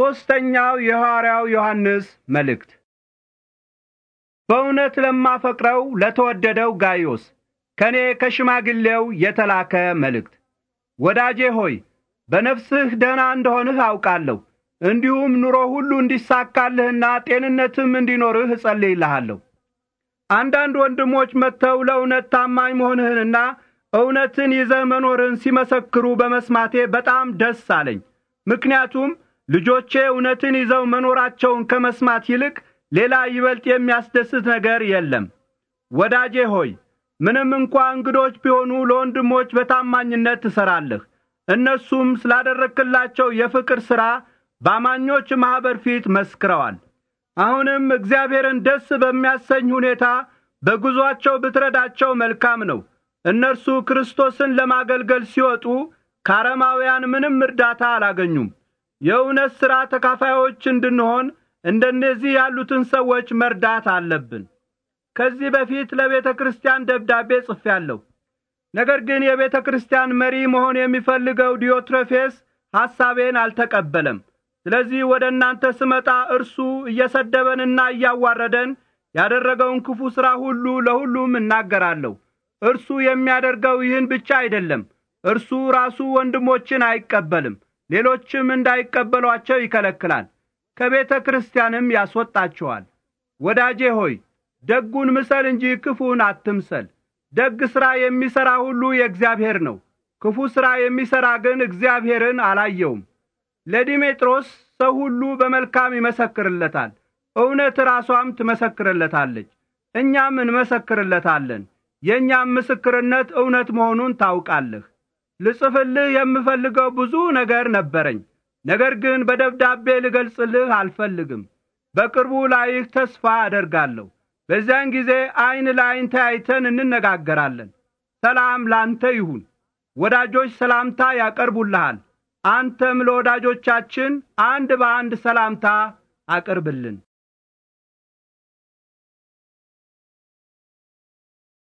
ሦስተኛው የሐዋርያው ዮሐንስ መልእክት በእውነት ለማፈቅረው ለተወደደው ጋዮስ ከኔ ከሽማግሌው የተላከ መልእክት። ወዳጄ ሆይ በነፍስህ ደህና እንደሆንህ አውቃለሁ። እንዲሁም ኑሮ ሁሉ እንዲሳካልህና ጤንነትም እንዲኖርህ እጸልይልሃለሁ። አንዳንድ ወንድሞች መጥተው ለእውነት ታማኝ መሆንህንና እውነትን ይዘህ መኖርን ሲመሰክሩ በመስማቴ በጣም ደስ አለኝ። ምክንያቱም ልጆቼ እውነትን ይዘው መኖራቸውን ከመስማት ይልቅ ሌላ ይበልጥ የሚያስደስት ነገር የለም። ወዳጄ ሆይ ምንም እንኳ እንግዶች ቢሆኑ ለወንድሞች በታማኝነት ትሰራለህ። እነሱም ስላደረክላቸው የፍቅር ሥራ በአማኞች ማኅበር ፊት መስክረዋል። አሁንም እግዚአብሔርን ደስ በሚያሰኝ ሁኔታ በጉዞአቸው ብትረዳቸው መልካም ነው። እነርሱ ክርስቶስን ለማገልገል ሲወጡ ከአረማውያን ምንም እርዳታ አላገኙም። የእውነት ሥራ ተካፋዮች እንድንሆን እንደነዚህ ያሉትን ሰዎች መርዳት አለብን። ከዚህ በፊት ለቤተ ክርስቲያን ደብዳቤ ጽፌአለሁ። ነገር ግን የቤተ ክርስቲያን መሪ መሆን የሚፈልገው ዲዮትሮፌስ ሐሳቤን አልተቀበለም። ስለዚህ ወደ እናንተ ስመጣ እርሱ እየሰደበንና እያዋረደን ያደረገውን ክፉ ሥራ ሁሉ ለሁሉም እናገራለሁ። እርሱ የሚያደርገው ይህን ብቻ አይደለም፣ እርሱ ራሱ ወንድሞችን አይቀበልም። ሌሎችም እንዳይቀበሏቸው ይከለክላል፣ ከቤተ ክርስቲያንም ያስወጣቸዋል። ወዳጄ ሆይ ደጉን ምሰል እንጂ ክፉን አትምሰል። ደግ ሥራ የሚሠራ ሁሉ የእግዚአብሔር ነው። ክፉ ሥራ የሚሠራ ግን እግዚአብሔርን አላየውም። ለዲሜጥሮስ ሰው ሁሉ በመልካም ይመሰክርለታል፣ እውነት ራሷም ትመሰክርለታለች፣ እኛም እንመሰክርለታለን። የእኛም ምስክርነት እውነት መሆኑን ታውቃለህ። ልጽፍልህ የምፈልገው ብዙ ነገር ነበረኝ። ነገር ግን በደብዳቤ ልገልጽልህ አልፈልግም። በቅርቡ ላይህ ተስፋ አደርጋለሁ። በዚያን ጊዜ ዐይን ለዐይን ተያይተን እንነጋገራለን። ሰላም ላንተ ይሁን። ወዳጆች ሰላምታ ያቀርቡልሃል። አንተም ለወዳጆቻችን አንድ በአንድ ሰላምታ አቅርብልን።